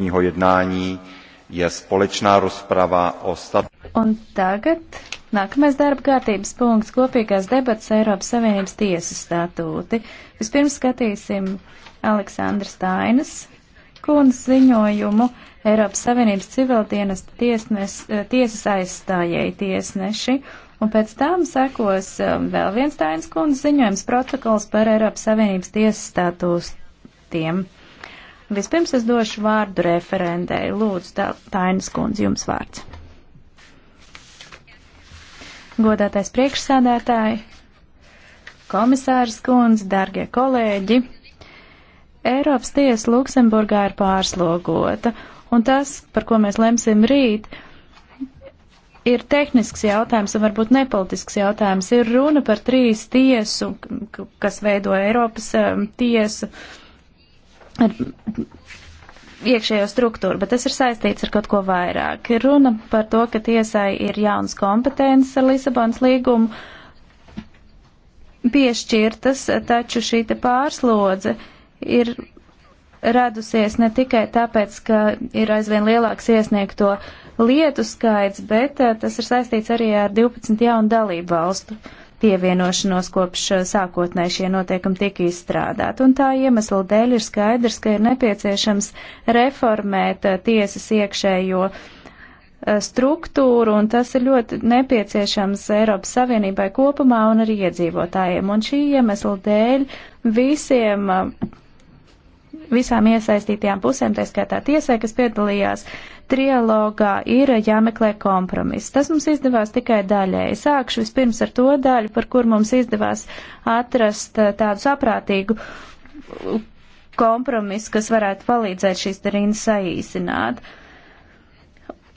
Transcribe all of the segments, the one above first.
dnešního jednání je společná rozprava o stav... Un tagad nākamais darba kārtības punkts - kopīgās debats Eiropas Savienības tiesas statūti. Vispirms skatīsim Aleksandra Stainas kundzes ziņojumu Eiropas Savienības civildienas tiesnes, eh, tiesas aizstājēji tiesneši. Un pēc tam sekos eh, vēl viens Tainas kundzes ziņojums protokols par Eiropas Savienības tiesas statūstiem. Vispirms es došu vārdu referendēju. Lūdzu, Tainas kundze, jums vārds. Godātais priekšsēdētāji, komisārs kundze, dargie kolēģi, Eiropas tiesa Luksemburgā ir pārslogota, un tas, par ko mēs lemsim rīt, ir tehnisks jautājums un varbūt nepolitisks jautājums. Ir runa par trīs tiesu, kas veido Eiropas um, tiesu. Uh, ar iekšējo struktūru, bet tas ir saistīts ar kaut ko vairāk. Ir runa par to, ka tiesai ir jaunas kompetences ar Lisabonas līgumu piešķirtas, taču šī te pārslodze ir radusies ne tikai tāpēc, ka ir aizvien lielāks iesniegto lietu skaits, bet eh, tas ir saistīts arī ar 12 jaunu dalību valstu pievienošanos kopš eh, sākotnēji šie noteikumi tika izstrādāti. Un tā iemesla dēļ ir skaidrs, ka ir nepieciešams reformēt eh, tiesas iekšējo eh, struktūru, un tas ir ļoti nepieciešams Eiropas Savienībai kopumā un arī iedzīvotājiem. Un šī iemesla dēļ visiem, visām iesaistītajām pusēm, tā skaitā tiesai, kas piedalījās, trialogā ir jāmeklē kompromiss. Tas mums izdevās tikai daļēji. Sākšu vispirms ar to daļu, par kur mums izdevās atrast eh, tādu saprātīgu uh, kompromisu, kas varētu palīdzēt šīs darīnas saīsināt.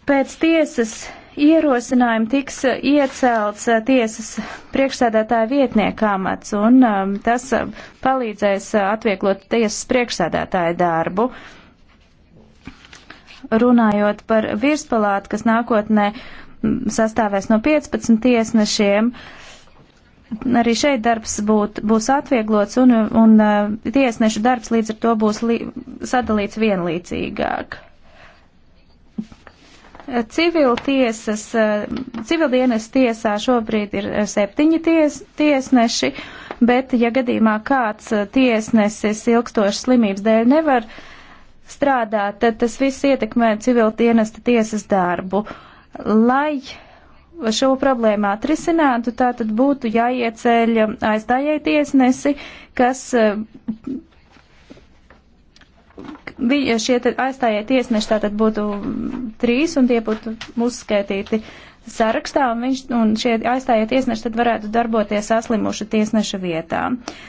Pēc tiesas ierosinājumu tiks eh, iecelts eh, tiesas priekšsēdētāja vietnieka amats, un um, tas palīdzēs atvieglot tiesas priekšsēdētāja darbu. Uh, runājot par virspalātu, kas nākotnē sastāvēs no 15 tiesnešiem, arī šeit darbs būt, būs atvieglots un, un uh, tiesnešu darbs līdz ar to būs li, sadalīts vienlīdzīgāk. Civil tiesas, uh, civildienas tiesā šobrīd ir septiņi ties, tiesneši, bet ja gadījumā kāds tiesnesis ilgstošas slimības dēļ nevar uh, strādāt, tad tas viss ietekmē civildienesta tiesas darbu. Lai šo problēmu atrisinātu, tā tad būtu jāieceļ aizstājai tiesnesi, kas bija eh, šie aizstājai tiesneši, tā tad būtu trīs un tie būtu uzskaitīti sarakstā, un, viņš, un šie aizstājai tiesneši tad varētu darboties saslimušu tiesneša vietā. Uh,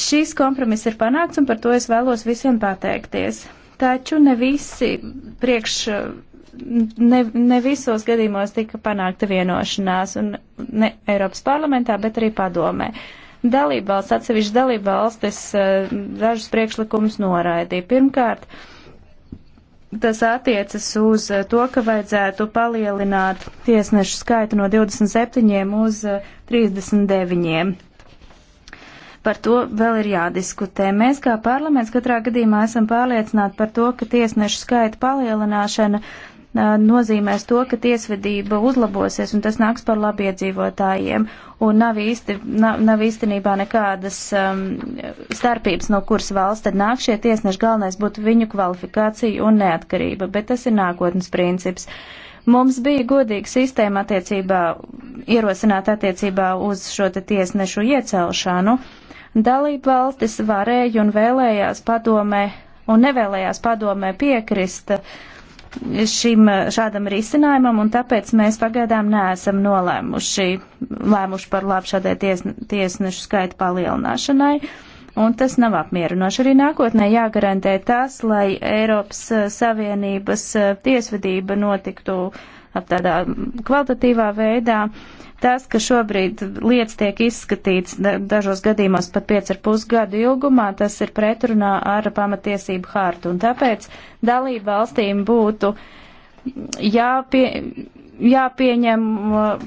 Šīs kompromiss ir panākts, un par to es vēlos visiem pateikties. Taču ne visi priekš ne, ne visos gadījumos tika panākta vienošanās, un ne Eiropas parlamentā, bet arī padomē. Dalībvalsts, atsevišķi dalībvalstis eh, dažus priekšlikumus noraidīja. Pirmkārt, tas attiecas uz eh, to, ka vajadzētu palielināt tiesnešu skaitu no 27 uz 39. Eh, Par to vēl ir jādiskutē. Mēs kā parlaments katrā gadījumā esam pārliecināti par to, ka tiesnešu skaita palielināšana nozīmēs to, ka tiesvedība uzlabosies un tas nāks par labi iedzīvotājiem. Un nav, īsti, nav, nav īstenībā nekādas um, starpības, no kuras valsts tad nāk šie tiesneši. Galvenais būtu viņu kvalifikācija un neatkarība, bet tas ir nākotnes princips. Mums bija godīga sistēma attiecībā, ierosināt attiecībā uz šo te tiesnešu iecelšanu. Uh, Dalība valstis varēja un vēlējās padomē un nevēlējās padomē piekrist šim šādam risinājumam, un tāpēc mēs pagaidām neesam nolēmuši, lēmuši par labu šādai ties, tiesnešu skaitu palielināšanai. Un tas nav apmierinoši. Arī nākotnē jāgarantē tas, lai Eiropas Savienības tiesvedība notiktu ap tādā kvalitatīvā veidā. Uh, Tas, ka šobrīd lietas tiek izskatīts dažos gadījumos pat 5,5 gadu ilgumā, tas ir pretrunā ar pamatiesību hārtu. Un tāpēc dalību valstīm būtu jāpie, jāpieņem uh,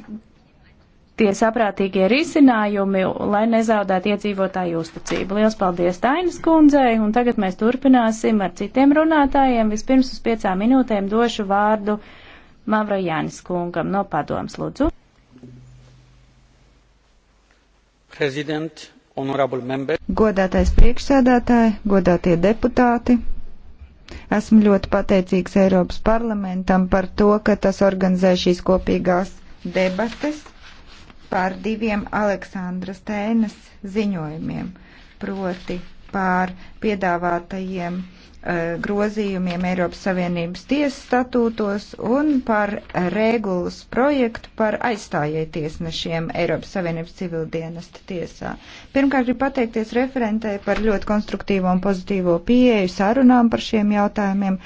tie saprātīgie risinājumi, lai nezaudētu iedzīvotāju uzticību. Lielas paldies Tainas kundzei, un tagad mēs turpināsim ar citiem runātājiem. Vispirms uz piecām minūtēm došu vārdu Mavra Jānis kungam no padoms, lūdzu. Godātais priekšsēdētāji, godātie deputāti, esmu ļoti pateicīgs Eiropas parlamentam par to, ka tas organizē šīs kopīgās debates par diviem Aleksandra Stēnas ziņojumiem, proti pār piedāvātajiem Eh, grozījumiem Eiropas Savienības tiesas statūtos un par regulas projektu par aizstājēju tiesnešiem Eiropas Savienības civildienesta tiesā. Pirmkārt, gribu pateikties referentei par ļoti konstruktīvo un pozitīvo pieeju sarunām par šiem jautājumiem.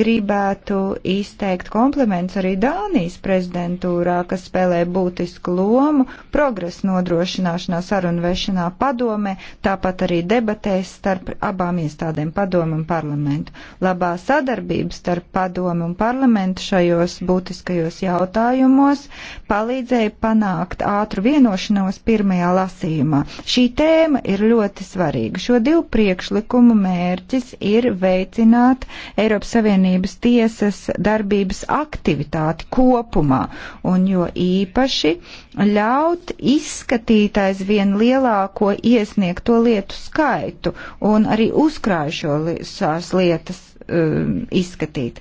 Gribētu izteikt komplements arī Dānijas prezidentūrā, kas spēlē būtisku lomu progresu nodrošināšanā sarunu vešanā padome, tāpat arī debatēs starp abām iestādēm padomu un parlamentu parlamentu. Labā sadarbība starp padomu un parlamentu šajos būtiskajos jautājumos palīdzēja panākt ātru vienošanos pirmajā lasījumā. Šī tēma ir ļoti svarīga. Šo divu priekšlikumu mērķis ir veicināt Eiropas Savienības tiesas darbības aktivitāti kopumā, un jo īpaši ļaut izskatīt aizvien lielāko iesniegto lietu skaitu un arī uzkrājušās lietas um, izskatīt.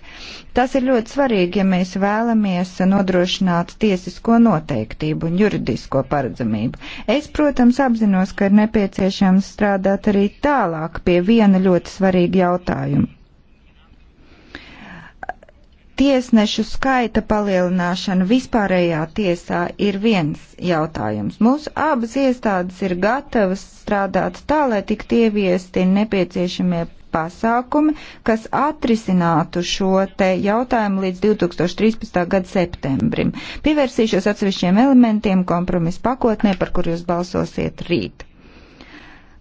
Tas ir ļoti svarīgi, ja mēs vēlamies nodrošināt tiesisko noteiktību un juridisko paredzamību. Es, protams, apzinos, ka ir nepieciešams strādāt arī tālāk pie viena ļoti svarīga jautājuma. Tiesnešu skaita palielināšana vispārējā tiesā ir viens jautājums. Mūsu abas iestādes ir gatavas strādāt tā, lai tiktu ieviesti nepieciešamie pasākumi, kas atrisinātu šo te jautājumu līdz 2013. gada septembrim. Pievērsīšos atsevišķiem elementiem kompromisa pakotnē, par kur jūs balsosiet rīt.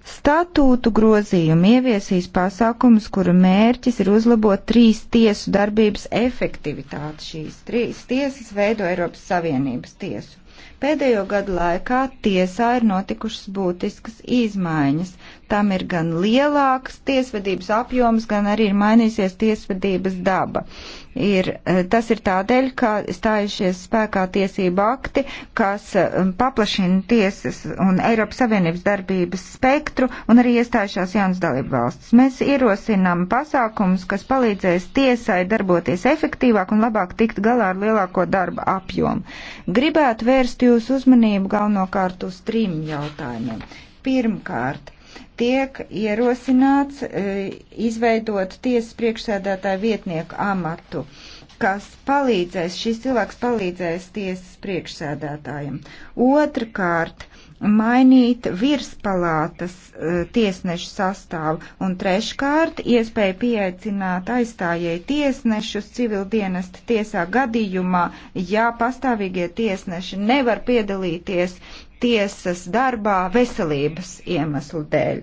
Statūtu grozījumi ieviesīs pasākumus, kuru mērķis ir uzlabot trīs tiesu darbības efektivitāti. Šīs trīs tiesas veido Eiropas Savienības tiesu. Pēdējo gadu laikā tiesā ir notikušas būtiskas izmaiņas. Tam ir gan lielāks tiesvedības apjoms, gan arī ir mainīsies tiesvedības daba. Ir, eh, tas ir tādēļ, ka stājušies spēkā tiesība akti, kas um, paplašina tiesas un Eiropas Savienības darbības spektru un arī iestājušās jaunas dalību valstis. Mēs ierosinām pasākums, kas palīdzēs tiesai darboties efektīvāk un labāk tikt galā ar lielāko darba apjomu. Gribētu vērst jūsu uzmanību galvenokārt uz trim jautājumiem. Pirmkārt, tiek ierosināts e, izveidot tiesas priekšsēdētāju vietnieku amatu, kas palīdzēs, šis cilvēks palīdzēs tiesas priekšsēdētājiem. Otrakārt, mainīt virspalātas uh, tiesnešu sastāvu un treškārt iespēju pieaicināt aizstājēji tiesnešus civildienesta tiesā gadījumā, ja pastāvīgie tiesneši nevar piedalīties tiesas darbā veselības iemeslu dēļ.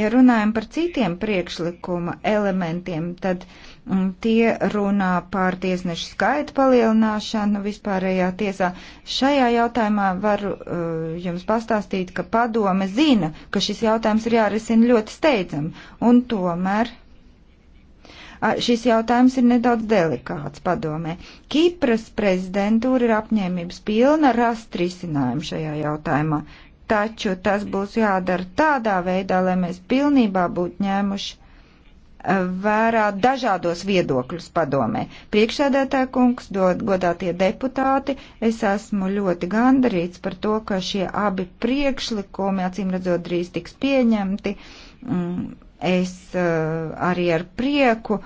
Ja runājam par citiem priekšlikuma elementiem, tad m, mm, tie runā par tiesnešu skaitu palielināšanu vispārējā tiesā. Šajā jautājumā varu uh, jums pastāstīt, ka padome zina, ka šis jautājums ir jārisina ļoti steidzam, un tomēr šis jautājums ir nedaudz delikāts padomē. Kipras prezidentūra ir apņēmības pilna rast risinājumu šajā jautājumā, taču tas būs jādara tādā veidā, lai mēs pilnībā būtu ņēmuši e, vērā dažādos viedokļus padomē. Priekšsēdētāja kungs, godātie deputāti, es esmu ļoti gandarīts par to, ka šie abi priekšlikumi, acīm redzot, drīz tiks pieņemti. Mm, Es eh, arī ar prieku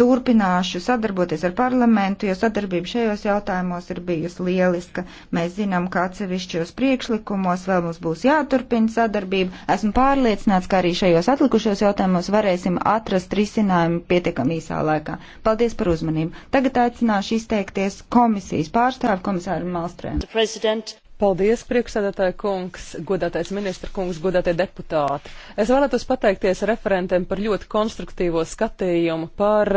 turpināšu sadarboties ar parlamentu, jo sadarbība šajos jautājumos ir bijusi lieliska. Mēs zinām, ka atsevišķos priekšlikumos vēl mums būs jāturpina sadarbība. Esmu pārliecināts, ka arī šajos atlikušos jautājumos varēsim atrast risinājumu pietiekami īsā laikā. Paldies par uzmanību. Tagad aicināšu izteikties komisijas pārstāvu komisāru Malstrēmu. Paldies, priekšsēdētāja kungs, godātais ministra kungs, godātie deputāti. Es vēlētos pateikties referentiem par ļoti konstruktīvo skatījumu par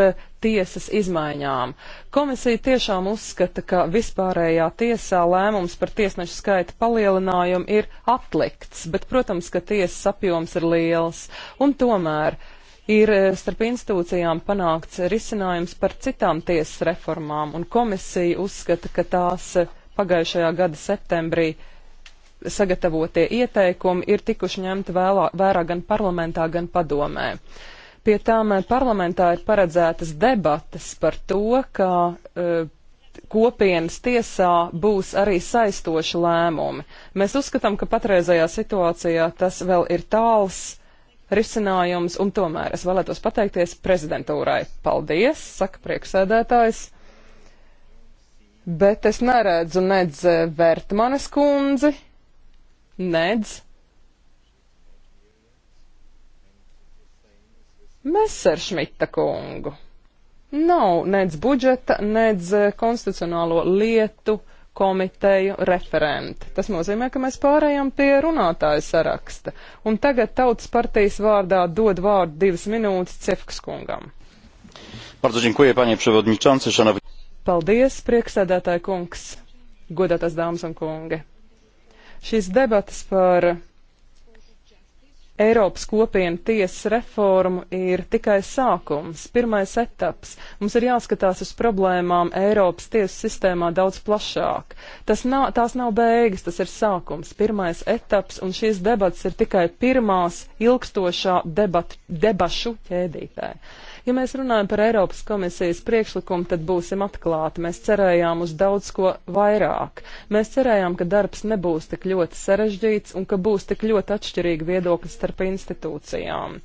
tiesas izmaiņām. Komisija tiešām uzskata, ka vispārējā tiesā lēmums par tiesnešu skaita palielinājumu ir atlikts, bet, protams, ka tiesas apjoms ir liels. Un tomēr ir eh, starp institūcijām panākts risinājums par citām tiesas reformām, un komisija uzskata, ka tās pagājušajā gada septembrī sagatavotie ieteikumi ir tikuši ņemti vēlā, vērā gan parlamentā, gan padomē. Pie tām eh, parlamentā ir paredzētas debatas par to, ka uh, kopienas tiesā būs arī saistoši lēmumi. Mēs uzskatām, ka patreizajā situācijā tas vēl ir tāls risinājums, un tomēr es vēlētos pateikties prezidentūrai. Paldies, saka prieksēdētājs bet es neredzu nedz eh, Vertmanes kundzi, nedz. Messeršmita kungu. Nav nedz budžeta, nedz eh, konstitucionālo lietu komiteju referenti. Tas nozīmē, ka mēs pārējām pie runātāja saraksta. Un tagad tautas partijas vārdā dod vārdu divas minūtes Cefkas kungam. Bardzo dziękuję, panie przewodniczący, szanowni Paldies, prieksēdētāji kungs, godātās dāmas un kungi. Šīs debatas par Eiropas kopienu tiesas reformu ir tikai sākums, pirmais etaps. Mums ir jāskatās uz problēmām Eiropas tiesu sistēmā daudz plašāk. Tas nav, tās nav beigas, tas ir sākums, pirmais etaps, un šīs debats ir tikai pirmās ilgstošā debat, debašu ķēdītē. Ja mēs runājam par Eiropas komisijas priekšlikumu, tad būsim atklāti. Mēs cerējām uz daudz ko vairāk. Mēs cerējām, ka darbs nebūs tik ļoti sarežģīts un ka būs tik ļoti atšķirīgi viedokļi starp institūcijām.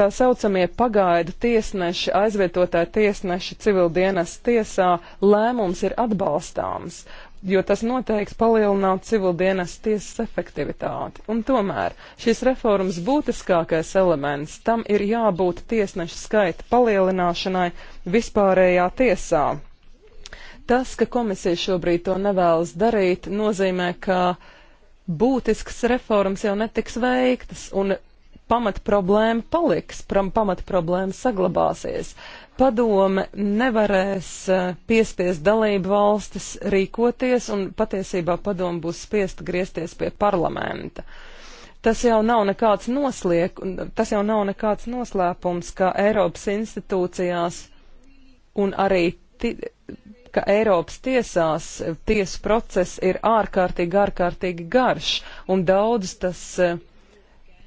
Tā saucamie pagaidu tiesneši, aizvietotāji tiesneši civildienas tiesā lēmums ir atbalstāms, jo tas noteikti palielinātu civildienas tiesas efektivitāti. Un tomēr šīs reformas būtiskākais elements tam ir jābūt tiesnešu skaita palielināšanai vispārējā tiesā. Tas, ka komisija šobrīd to nevēlas darīt, nozīmē, ka būtiskas reformas jau netiks veiktas un pamatproblēma paliks, pamatproblēma saglabāsies padome nevarēs eh, piespiest dalību valstis rīkoties, un patiesībā padome būs spiest griezties pie parlamenta. Tas jau nav nekāds nosliek, tas jau nav nekāds noslēpums, ka Eiropas institūcijās un arī ti, ka Eiropas tiesās tiesu process ir ārkārtīgi, ārkārtīgi garš, un daudz tas eh,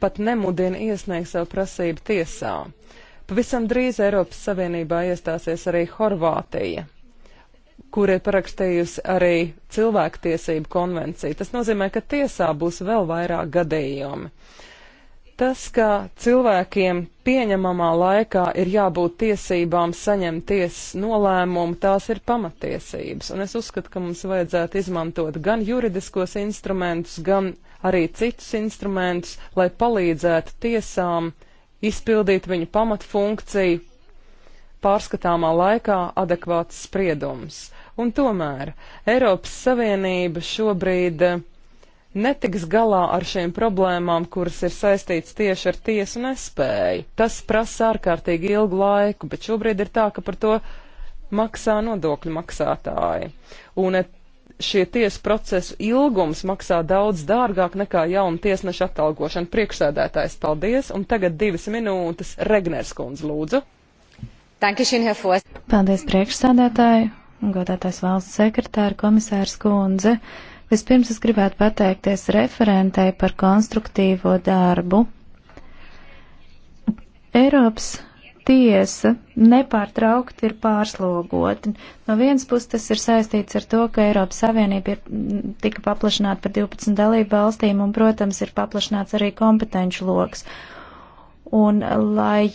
pat nemudina iesniegt savu prasību tiesā. Uh, Pavisam drīz Eiropas Savienībā iestāsies arī Horvātija kur ir parakstījusi arī cilvēktiesību konvenciju. Tas nozīmē, ka tiesā būs vēl vairāk gadījumi. Tas, ka cilvēkiem pieņemamā laikā ir jābūt tiesībām saņemt tiesas nolēmumu, tās ir pamatiesības. Un es uzskatu, ka mums vajadzētu izmantot gan juridiskos instrumentus, gan arī citus instrumentus, lai palīdzētu tiesām uh, izpildīt viņu pamatfunkciju pārskatāmā laikā adekvāts spriedums. Un tomēr Eiropas Savienība šobrīd eh, netiks galā ar šīm problēmām, kuras ir saistīts tieši ar tiesu nespēju. Tas prasa ārkārtīgi ilgu laiku, bet šobrīd ir tā, ka par to maksā nodokļu maksātāji. Un eh, šie tiesu procesu ilgums maksā daudz dārgāk nekā jauna tiesneša atalgošana. Priekšsēdētājs, paldies, un tagad divas minūtes Regners kundze, lūdzu. Dankeschön, Herr Fos. Paldies, priekšsēdētāji, godātais valsts sekretāra, komisārs kundze. Vispirms es gribētu pateikties referentei par konstruktīvo darbu. Eiropas tiesa nepārtraukti ir pārslogota. No vienas puses tas ir saistīts ar to, ka Eiropas Savienība ir, tika paplašināta par 12 dalību valstīm un, protams, ir paplašināts arī kompetenču loks. Un, lai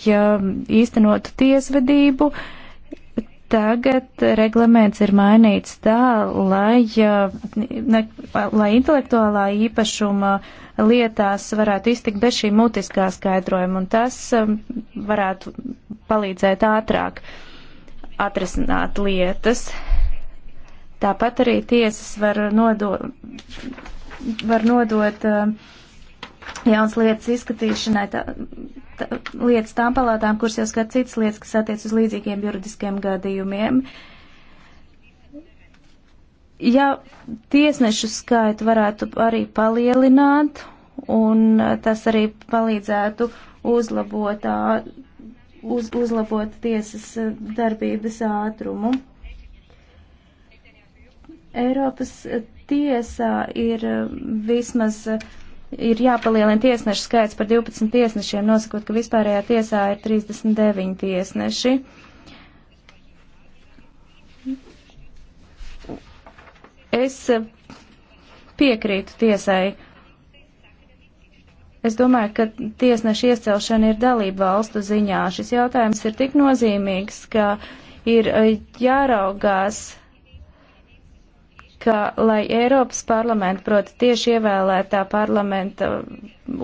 īstenotu tiesvedību, uh, Tagad reglaments ir mainīts tā, lai, ne, lai intelektuālā īpašuma lietās varētu iztikt bez šī mutiskā skaidrojuma, un tas um, varētu palīdzēt ātrāk atrisināt lietas. Tāpat arī tiesas var, nodo, var nodot uh, jauns lietas izskatīšanai. Tā, lietas tām palātām, kuras jau skat citas lietas, kas attiec uz līdzīgiem juridiskiem gadījumiem. Ja tiesnešu skaitu varētu arī palielināt, un tas arī palīdzētu uzlabot, uz, uzlabot tiesas darbības ātrumu. Eiropas tiesā ir vismaz uh, ir jāpalielina tiesnešu skaits par 12 tiesnešiem, nosakot, ka vispārējā tiesā ir 39 tiesneši. Es eh, piekrītu tiesai. Es domāju, ka tiesneša iecelšana ir dalība valstu ziņā. Šis jautājums ir tik nozīmīgs, ka ir eh, jāraugās ka, lai Eiropas parlamenta, proti tieši ievēlētā parlamenta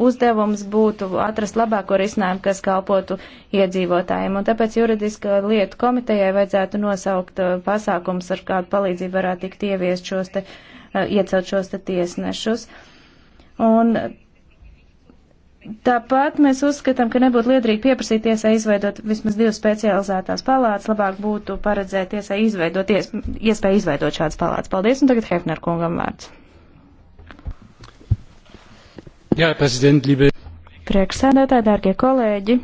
uzdevums būtu atrast labāko risinājumu, kas kalpotu iedzīvotājiem. Un tāpēc juridiska lietu komitejai vajadzētu nosaukt uh, pasākums, ar kādu palīdzību varētu tikt ieviest šos te, uh, iecelt šos te tiesnešus. Un Tāpat mēs uzskatām, ka nebūtu liederīgi pieprasīt tiesai izveidot vismaz divas specializētās palātas, labāk būtu paredzēt tiesai izveidot, ies, iespēju izveidot šādas palātas. Paldies, un tagad Hefner kungam vārds. Jā, prezident, liebe. Prieksēdētāji, dārgie kolēģi.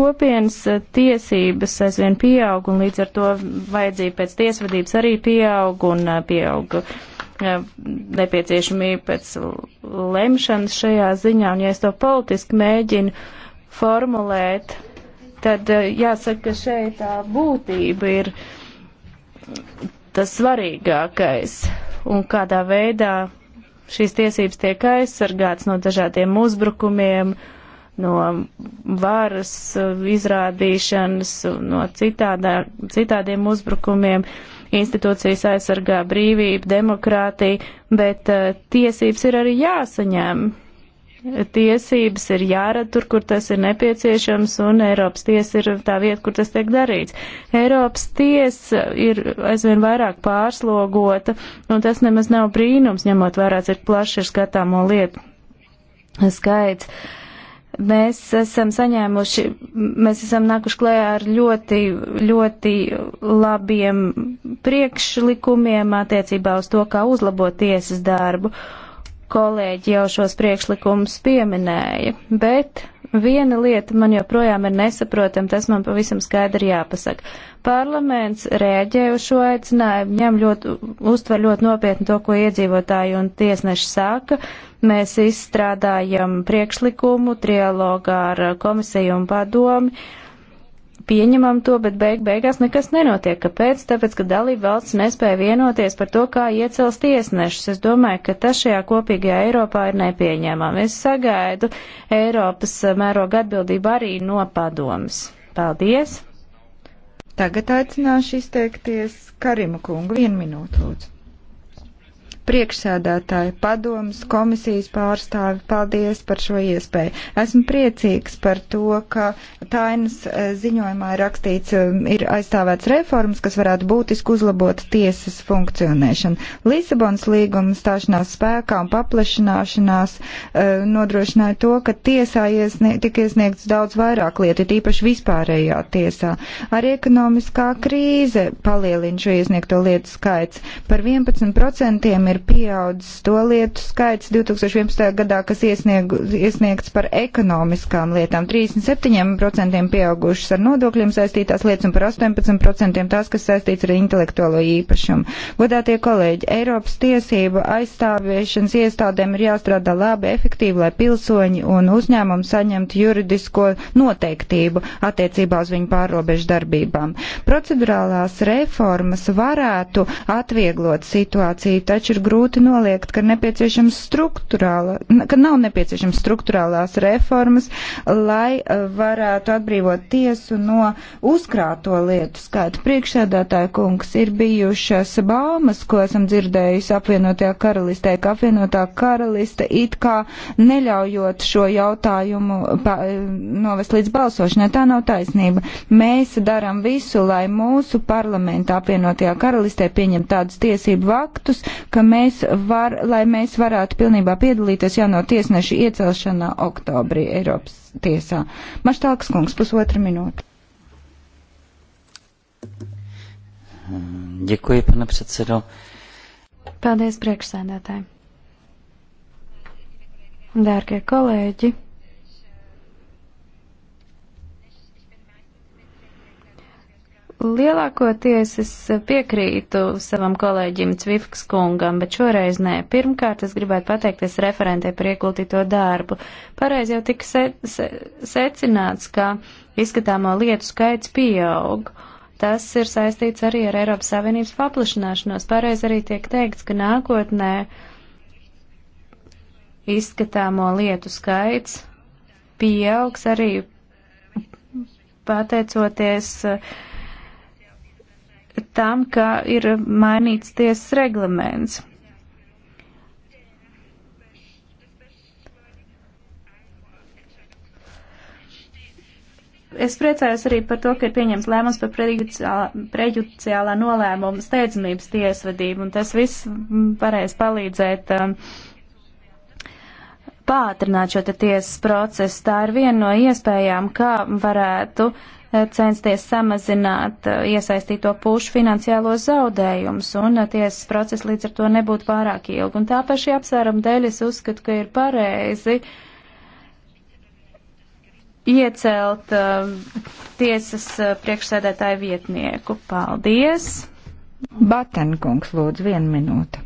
Kopienas tiesības aizvien pieaug, un līdz ar to vajadzība pēc tiesvedības arī pieaug un pieaug E, nepieciešamība pēc lemšanas šajā ziņā, un ja es to politiski mēģinu formulēt, tad e, jāsaka, ka šeit tā būtība ir tas svarīgākais, un kādā veidā šīs tiesības tiek aizsargāts no dažādiem uzbrukumiem, no varas izrādīšanas, no citādā, citādiem uzbrukumiem. Uh, institūcijas aizsargā brīvību, demokrātiju, bet uh, tiesības ir arī jāsaņem. Tiesības ir jārada tur, kur tas ir nepieciešams, un Eiropas tiesa ir tā vieta, kur tas tiek darīts. Eiropas tiesa ir aizvien vairāk pārslogota, un tas nemaz nav brīnums, ņemot vērā, cik plaši ir skatāmo lietu skaits. Uh, mēs esam saņēmuši, mēs esam nākuši klējā ar ļoti, ļoti labiem priekšlikumiem attiecībā uz to, kā uzlabot tiesas darbu. Kolēģi jau šos priekšlikumus pieminēja, bet Viena lieta man joprojām ir nesaprotama, tas man pavisam skaidri jāpasaka. Parlaments rēģē uz šo aicinājumu, ņem ļoti, uztver ļoti nopietni to, ko iedzīvotāji un tiesneši saka. Mēs izstrādājam priekšlikumu trialogā ar komisiju un padomi pieņemam to, bet beig beigās nekas nenotiek. Kāpēc? Tāpēc, ka dalība valsts nespēja vienoties par to, kā iecels tiesnešus. Es domāju, ka tas šajā kopīgajā Eiropā ir nepieņemami. Es sagaidu Eiropas eh, mēroga atbildību arī no padomas. Paldies! Tagad aicināšu izteikties Karima kungu. Vienu minūtu, lūdzu priekšsēdētāji, padomas, komisijas pārstāvi, paldies par šo iespēju. Esmu priecīgs par to, ka Tainas eh, ziņojumā ir rakstīts, eh, ir aizstāvēts reformas, kas varētu būtiski uzlabot tiesas funkcionēšanu. Lisabons līguma stāšanās spēkā un paplašināšanās eh, nodrošināja to, ka tiesā iesnie, tika iesniegts daudz vairāk lietu, tīpaši vispārējā tiesā. Arī ekonomiskā krīze palielina šo iesniegto lietu skaits. Par 11% ir ir pieaudzis to lietu skaits 2011. gadā, kas iesnieg, iesniegts par ekonomiskām lietām. 37% pieaugušas ar nodokļiem saistītās lietas un par 18% tās, kas saistīts ar intelektuālo īpašumu. Godātie kolēģi, Eiropas tiesība aizstāvēšanas iestādēm ir jāstrādā labi, efektīvi, lai pilsoņi un uzņēmumi saņemtu juridisko noteiktību attiecībā uz viņu pārrobežu darbībām. Procedurālās reformas varētu atvieglot situāciju, taču ir grūti noliegt, ka, ka nav nepieciešams struktūrālās reformas, lai e, varētu atbrīvot tiesu no uzkrāto lietu skaita. Priekšsēdētāja kungs ir bijušas baumas, ko esam dzirdējusi apvienotajā karalistē, ka apvienotā karaliste it kā neļaujot šo jautājumu pa, e, novest līdz balsošanai. Tā nav taisnība. Mēs darām visu, lai mūsu parlamentā apvienotajā karalistē pieņem tādus tiesību aktus, ka mēs mēs var, lai mēs varētu pilnībā piedalīties jauno tiesnešu iecelšanā oktobrī Eiropas tiesā. Maštāks kungs, pusotra minūte. Děkuji, pane předsedo. Paldies, priekšsēdētāji. Dārgie kolēģi! Lielākoties es piekrītu savam kolēģim Cvifks kungam, bet šoreiz nē. Pirmkārt, es gribētu pateikties referentē par iekultīto darbu. Pareiz jau tika se se secināts, ka izskatāmo lietu skaits pieaug. Tas ir saistīts arī ar Eiropas Savienības paplašināšanos. Pareiz arī tiek teikts, ka nākotnē izskatāmo lietu skaits pieaugs arī pateicoties uh, tam, ka ir mainīts tiesas reglaments. es priecājos arī par to, ka ir pieņems lēmums par prejudiciālā, prejudiciālā nolēmuma steidzamības tiesvedību, un tas viss varēs palīdzēt um, pātrināt šo te tiesas procesu. Tā ir viena no iespējām, kā varētu uh, Eh, censties samazināt eh, iesaistīto pušu finansiālos zaudējumus, un eh, tiesas process līdz ar to nebūtu pārāk ilgi. Un tāpēc šī apsvēruma dēļ es uzskatu, ka ir pareizi iecelt uh, tiesas uh, priekšsēdētāju vietnieku. Paldies! Batenkungs, lūdzu, vienu minūtu.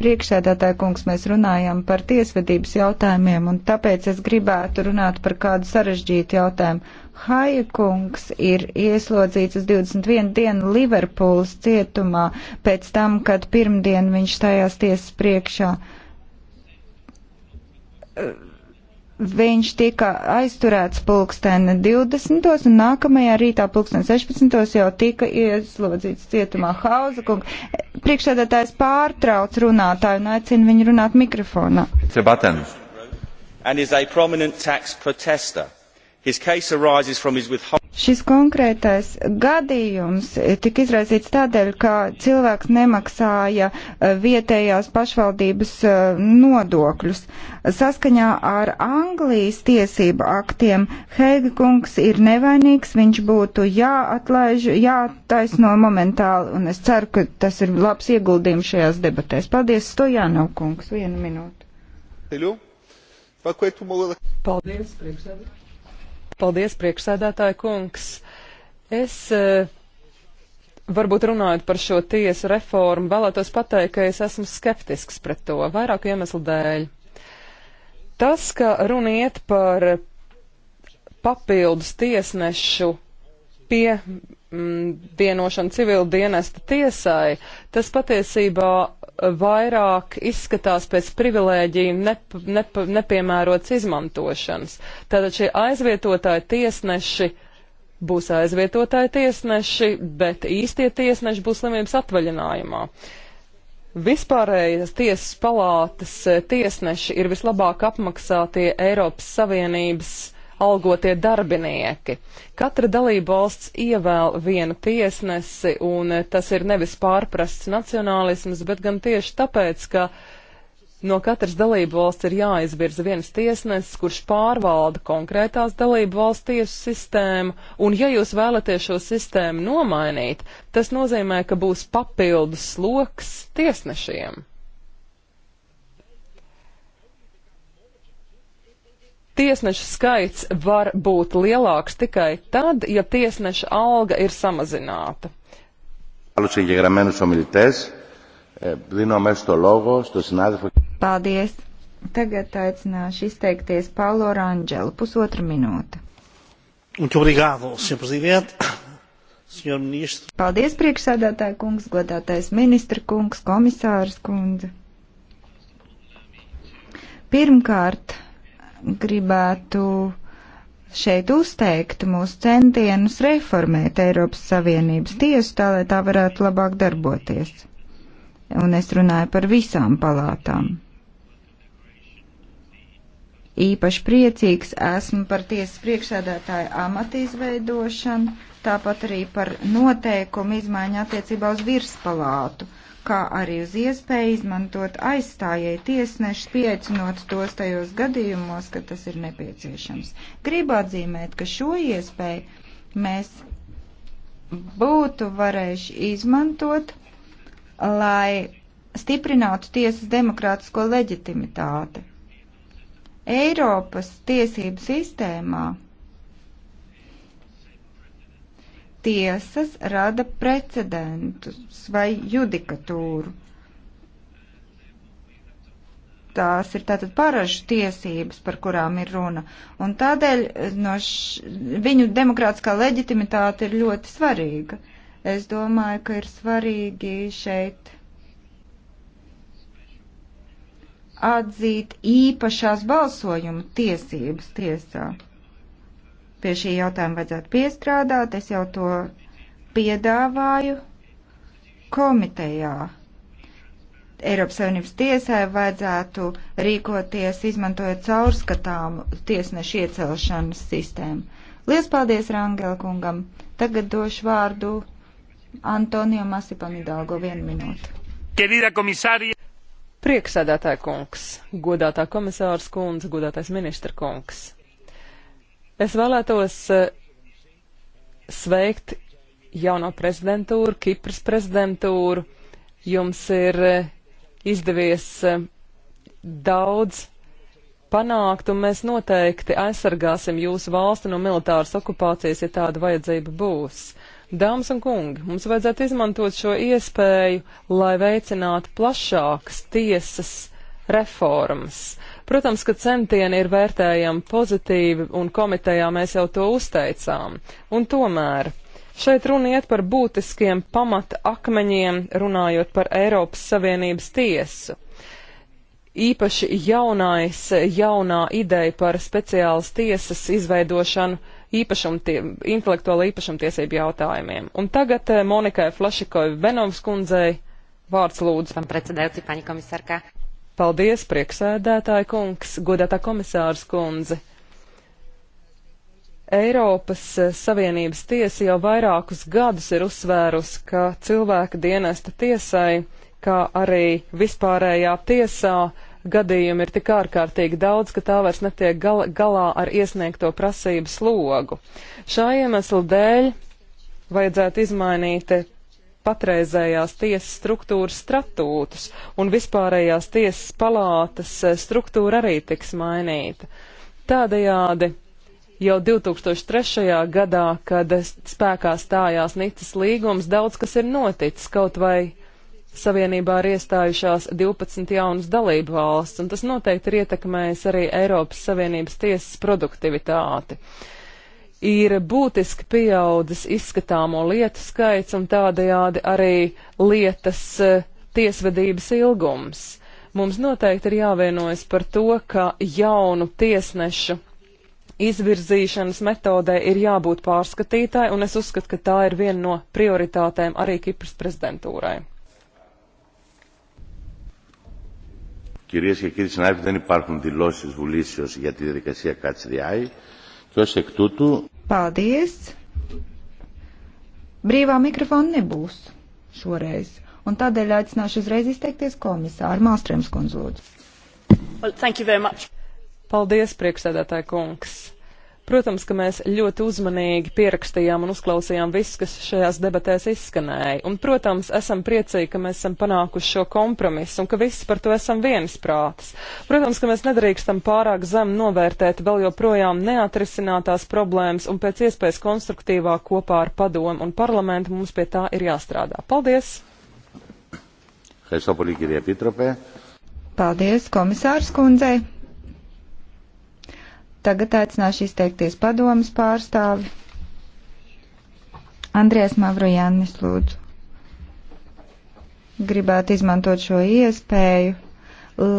Priekšsēdētāja kungs, mēs runājam par tiesvedības jautājumiem, un tāpēc es gribētu runāt par kādu sarežģītu jautājumu. Haja kungs ir ieslodzīts uz 21 dienu Liverpūles cietumā pēc tam, kad pirmdien viņš stājās tiesas priekšā. Uh Viņš tika aizturēts pulksteni 20. un nākamajā rītā pulksteni 16. jau tika ieslodzīts cietumā Hauza kunga. Priekšsēdētājs pārtrauc runātāju un aicina viņu runāt mikrofonā. Tibetan. And is a prominent tax protester. Šis konkrētais gadījums tika izraisīts tādēļ, ka cilvēks nemaksāja eh, vietējās pašvaldības eh, nodokļus. Saskaņā ar Anglijas tiesību aktiem Heiga kungs ir nevainīgs, viņš būtu jāatlaiž, jātaisno momentāli, un es ceru, ka tas ir labs ieguldījums šajās debatēs. Paldies, Stojānov kungs, vienu minūtu. Paldies, priekšsēdētāj. Paldies, priekšsēdētāja kungs. Es eh, varbūt runājot par šo tiesu reformu, vēlētos pateikt, ka es esmu skeptisks pret to vairāku iemeslu dēļ. Tas, ka runa iet par papildus tiesnešu pievienošanu mm, civil dienesta tiesai, tas patiesībā vairāk izskatās pēc privilēģiju nep nep nepiemērots izmantošanas. Tātad šie aizvietotāji tiesneši būs aizvietotāji tiesneši, bet īstie tiesneši būs slimības atvaļinājumā. Vispārējās tiesas palātas eh, tiesneši ir vislabāk apmaksātie Eiropas Savienības algotie darbinieki. Katra dalībvalsts ievēl vienu tiesnesi, un tas ir nevis pārprasts nacionālisms, bet gan tieši tāpēc, ka no katras dalībvalsts ir jāizvirza viens tiesnesis, kurš pārvalda konkrētās dalībvalsts tiesu sistēmu, un ja jūs vēlaties šo sistēmu nomainīt, tas nozīmē, ka būs papildus sloks tiesnešiem. tiesneša skaits var būt lielāks tikai tad, ja tiesneša alga ir samazināta. Paldies! Tagad aicināšu izteikties Paulo Rangelu pusotra minūte. Paldies, priekšsēdētāja kungs, godātais ministra kungs, komisārs kundze. Pirmkārt, gribētu šeit uzteikt mūsu centienus reformēt Eiropas Savienības tiesu tā, lai tā varētu labāk darboties. Un es runāju par visām palātām. Īpaši priecīgs esmu par tiesas priekšsēdētāju amatu izveidošanu, tāpat arī par noteikumu izmaiņu attiecībā uz virspalātu kā arī uz iespēju izmantot aizstājēju tiesnešus, pieaicinot tos tajos gadījumos, kad tas ir nepieciešams. Gribu atzīmēt, ka šo iespēju mēs būtu varējuši izmantot, lai stiprinātu tiesas demokrātisko leģitimitāti. Eiropas tiesību sistēmā tiesas rada precedentus vai judikatūru. Tās ir tātad paražu tiesības, par kurām ir runa. Un tādēļ eh, no š... viņu demokrātiskā leģitimitāte ir ļoti svarīga. Es domāju, ka ir svarīgi šeit atzīt īpašās balsojuma tiesības tiesā. Pie šī jautājuma vajadzētu piestrādāt. Es jau to piedāvāju komitejā. Eiropas Savienības tiesai vajadzētu rīkoties, izmantojot caurskatām tiesnešu iecelšanas sistēmu. Lielas paldies Rangela kungam. Tagad došu vārdu Antonio Masipam Idalgo vienu minūtu. Querida komisārija. Prieksēdētāja kungs, godātā komisārs kundze, godātais ministra kungs. Es vēlētos eh, sveikt jauno prezidentūru, Kipras prezidentūru. Jums ir eh, izdevies eh, daudz panākt, un mēs noteikti aizsargāsim jūsu valsti no militāras okupācijas, ja tāda vajadzība būs. Dāmas un kungi, mums vajadzētu izmantot šo iespēju, lai veicinātu plašākas tiesas reformas. Protams, ka centieni ir vērtējami pozitīvi, un komitejā mēs jau to uzteicām. Un tomēr šeit runa iet par būtiskiem pamata akmeņiem, runājot par Eiropas Savienības tiesu īpaši jaunais, jaunā ideja par speciālas tiesas izveidošanu īpašumtie, intelektuāla īpašumtiesību jautājumiem. Un tagad eh, Monikai Flašikovai Venovs kundzei vārds lūdzu. Pan precedējusi, paņi komisārkā. Paldies, prieksēdētāja kungs, godētā komisārs kundze. Eiropas eh, Savienības tiesa jau vairākus gadus ir uzsvērusi, ka cilvēka dienesta tiesai, kā arī vispārējā tiesā, gadījumi ir tik ārkārtīgi daudz, ka tā vairs netiek gal galā ar iesniegto prasību slogu. Šā iemesla dēļ vajadzētu izmainīt patreizējās tiesas struktūras statūtus, un vispārējās tiesas palātas eh, struktūra arī tiks mainīta. Tādējādi jau 2003. gadā, kad spēkā stājās Nicas līgums, daudz kas ir noticis, kaut vai Savienībā ir iestājušās 12 jaunas dalību valsts, un tas noteikti ir ietekmējis arī Eiropas Savienības tiesas produktivitāti. Uh, ir būtiski pieaudzis izskatāmo lietu skaits un tādajādi arī lietas eh, tiesvedības ilgums. Mums noteikti ir jāvienojas par to, ka jaunu tiesnešu izvirzīšanas metodē ir jābūt pārskatītāji, un es uzskatu, ka tā ir viena no prioritātēm arī Kipras prezidentūrai. Κυρίες και κύριοι συνάδελφοι, δεν υπάρχουν δηλώσεις βουλήσεως για τη διαδικασία Κατσριάη και ως εκ τούτου... Paldies! Brīvā mikrofona nebūs šoreiz, un tādēļ aicināšu uzreiz izteikties komisāru Māstrēms kundz lūdzu. Well, thank you very much. Paldies, priekšsēdētāji kungs! Protams, ka mēs ļoti uzmanīgi pierakstījām un uzklausījām visu, kas šajās debatēs izskanēja. Un, protams, esam priecīgi, ka mēs esam panākuši šo kompromisu un ka visi par to esam viensprātis. Protams, ka mēs nedrīkstam pārāk zem novērtēt vēl joprojām neatrisinātās problēmas un pēc iespējas konstruktīvāk kopā ar padomu un parlamentu mums pie tā ir jāstrādā. Paldies! Paldies, komisārs kundzei! Tagad aicināšu izteikties padomas pārstāvi. Andrijas Mavrojannis lūdzu. Gribētu izmantot šo iespēju,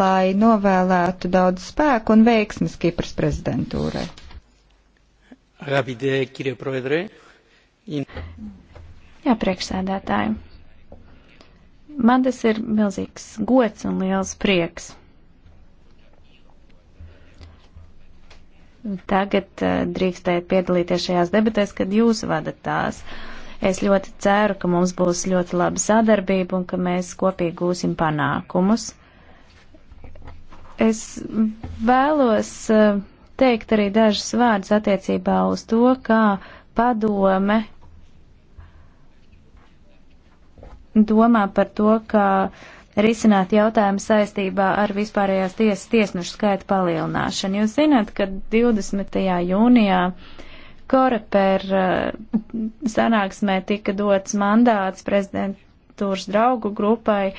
lai novēlētu daudz spēku un veiksmes Kipras prezidentūrai. Rapide, kirie proedre. In... Jā, priekšsēdētāji. Man tas ir milzīgs gods un liels prieks tagad uh, drīkstēt piedalīties šajās debatēs, kad jūs vadat tās. Es ļoti ceru, ka mums būs ļoti laba sadarbība un ka mēs kopīgi gūsim panākumus. Es vēlos uh, teikt arī dažus vārdus attiecībā uz to, kā padome domā par to, ka uh, risināt jautājumu saistībā ar vispārējās tiesas tiesnešu skaitu palielināšanu. Jūs zināt, ka 20. jūnijā Koreper eh, sanāksmē tika dots mandāts prezidentūras draugu grupai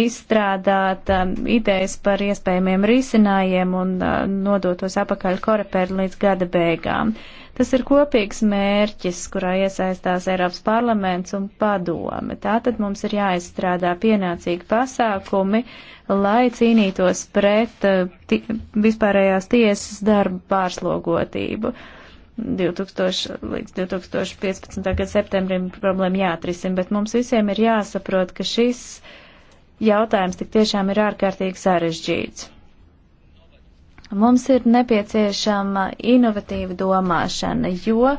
izstrādāt um, idejas par iespējamiem risinājiem un uh, nodot tos apakaļ Koreper līdz gada beigām. Uh, Tas ir kopīgs mērķis, kurā iesaistās Eiropas parlaments un padome. Tātad mums ir jāizstrādā pienācīgi pasākumi, lai cīnītos pret eh, vispārējās tiesas darba pārslogotību. 2000 līdz 2015. gada septembrim problēma jāatrisina, bet mums visiem ir jāsaprot, ka šis jautājums tik tiešām ir ārkārtīgi sarežģīts. Mums ir nepieciešama inovatīva domāšana, jo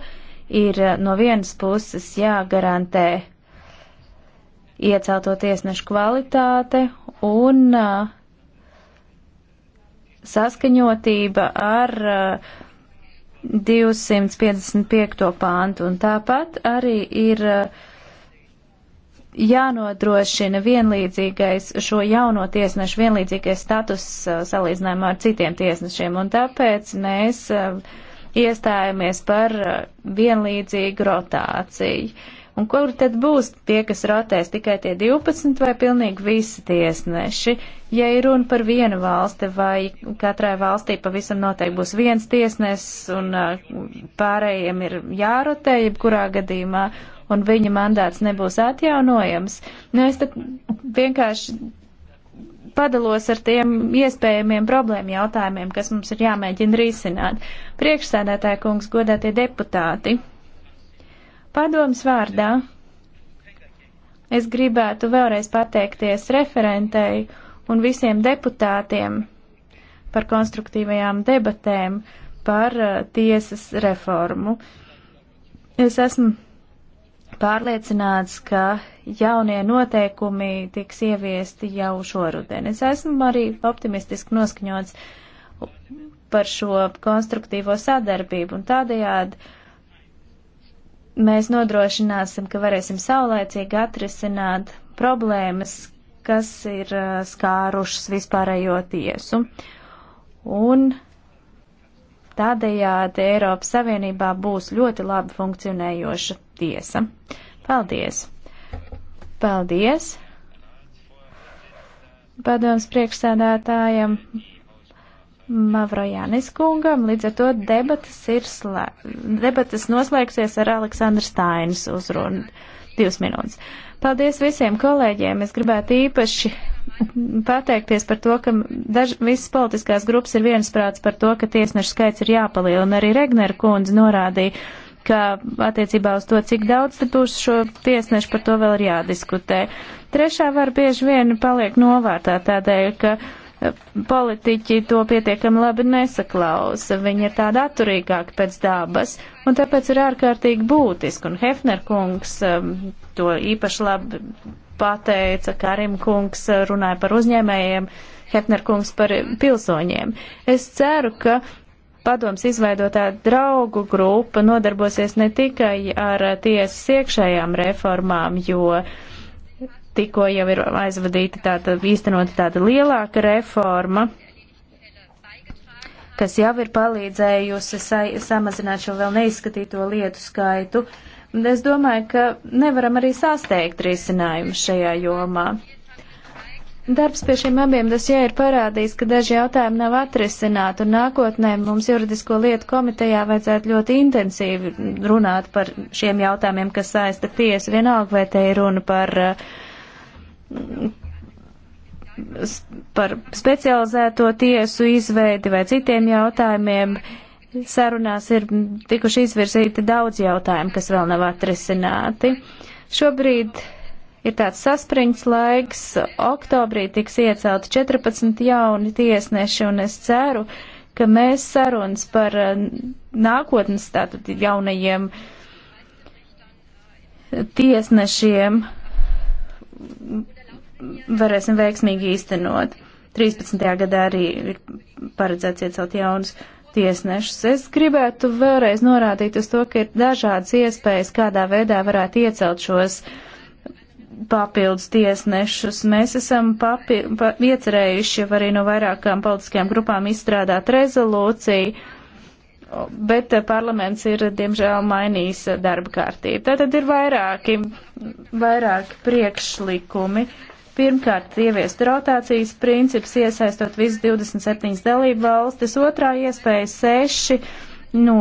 ir eh, no vienas puses jāgarantē iecelto tiesnešu kvalitāte un eh, saskaņotība ar 255. Eh, pāntu. Un tāpat arī ir uh, jānodrošina vienlīdzīgais šo jauno tiesnešu vienlīdzīgais status uh, salīdzinājumā ar citiem tiesnešiem, un tāpēc mēs uh, iestājamies par uh, vienlīdzīgu rotāciju. Un kur tad būs tie, kas rotēs tikai tie 12 vai pilnīgi visi tiesneši? Ja ir runa par vienu valsti vai katrai valstī pavisam noteikti būs viens tiesnesis un pārējiem ir jārotē, jebkurā gadījumā, un viņa mandāts nebūs atjaunojams. Nu, es tad vienkārši padalos ar tiem iespējamiem problēmu jautājumiem, kas mums ir jāmēģina risināt. Priekšsēdētāja kungs, godātie deputāti, padoms vārdā es gribētu vēlreiz pateikties referentei un visiem deputātiem par konstruktīvajām debatēm par uh, tiesas reformu. Es esmu pārliecināts, ka jaunie noteikumi tiks ieviesti jau šoruden. Es esmu arī optimistiski noskaņots par šo konstruktīvo sadarbību un tādējādi mēs nodrošināsim, ka varēsim saulēcīgi atrisināt problēmas, kas ir uh, skārušas vispārējo tiesu. Un Tādējādi Eiropas Savienībā būs ļoti labi funkcionējoša tiesa. Paldies! Paldies! Padoms priekšsēdētājam Mavrojānis kungam, līdz ar to debatas, ir slē... debatas noslēgsies ar Aleksandru Stainas uzrunu divas minūtes. Paldies visiem kolēģiem! Es gribētu īpaši pateikties par to, ka daž, visas politiskās grupas ir viensprāts par to, ka tiesnešu skaits ir jāpalielina. Arī Regnera kundze norādīja, ka attiecībā uz to, cik daudz te būs šo tiesnešu, par to vēl ir jādiskutē. Trešā var bieži vien paliek novārtā tādēļ, ka eh, politiķi to pietiekami labi nesaklausa, viņi ir tādi atturīgāki pēc dabas, un tāpēc ir ārkārtīgi būtiski, un Hefner kungs um, to īpaši labi pateica, Karim kungs eh, runāja par uzņēmējiem, Hepner kungs par pilsoņiem. Es ceru, ka padoms izveidotā draugu grupa nodarbosies ne tikai ar tiesas iekšējām reformām, jo tikko jau ir aizvadīta tāda, īstenota tāda lielāka reforma, kas jau ir palīdzējusi sa samazināt šo vēl neizskatīto lietu skaitu. Uh, Un es domāju, ka nevaram arī sasteigt risinājumu šajā jomā. Darbs pie šiem abiem dosjē ir parādījis, ka daži jautājumi nav atrisināti, un nākotnē mums juridisko lietu komitejā vajadzētu ļoti intensīvi runāt par šiem jautājumiem, kas saista tiesu, vienalga vai te ir runa par, eh, par specializēto tiesu izveidi vai citiem jautājumiem. Uh, sarunās ir tikuši izvirzīti daudz jautājumu, kas vēl nav atrisināti. Šobrīd ir tāds saspringts laiks. Oktobrī tiks iecelti 14 jauni tiesneši, un es ceru, ka mēs sarunas par eh, nākotnes tātad jaunajiem tiesnešiem varēsim veiksmīgi īstenot. 13. gadā arī ir paredzēts iecelt jaunus tiesnešus. Es gribētu vēlreiz norādīt uz to, ka ir dažādas iespējas, kādā veidā varētu iecelt šos papildus tiesnešus. Mēs esam papi, pa, iecerējuši arī no vairākām politiskajām grupām izstrādāt rezolūciju, bet parlaments ir, diemžēl, mainījis darba kārtību. Tātad ir vairāki, vairāki priekšlikumi. Uh, Pirmkārt, ieviest rotācijas princips, iesaistot visas 27 dalību valstis. Otrā iespēja seši no.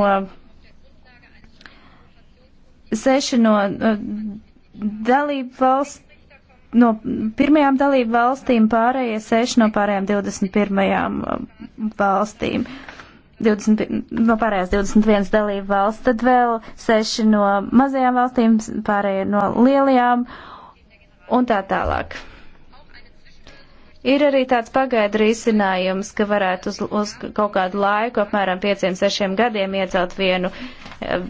Seši no dalību valsts, no pirmajām dalību valstīm, pārējie seši no pārējām 21 um, valstīm. 20, no pārējās 21 dalību valsts, tad vēl seši no mazajām valstīm, pārējie no lielajām un tā tālāk. Ir arī tāds pagaidu risinājums, ka varētu uz, uz kaut kādu laiku, apmēram 5-6 gadiem, iecelt vienu eh,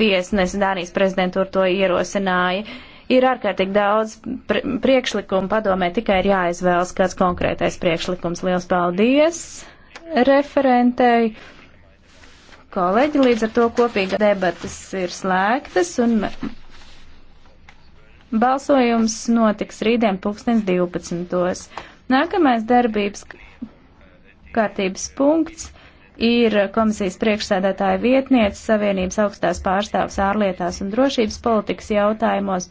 tiesnesi. Dānijas prezidentūra to ierosināja. Ir ārkārtīgi daudz priekšlikumu padomē, tikai ir jāizvēlas kāds konkrētais priekšlikums. Liels paldies referentei! Kolēģi, līdz ar to kopīga debatas ir slēgtas un Balsojums notiks rītdien pulkstens 12. Nākamais darbības kārtības punkts ir komisijas priekšsēdētāja vietniece Savienības augstās pārstāvs ārlietās un drošības politikas jautājumos.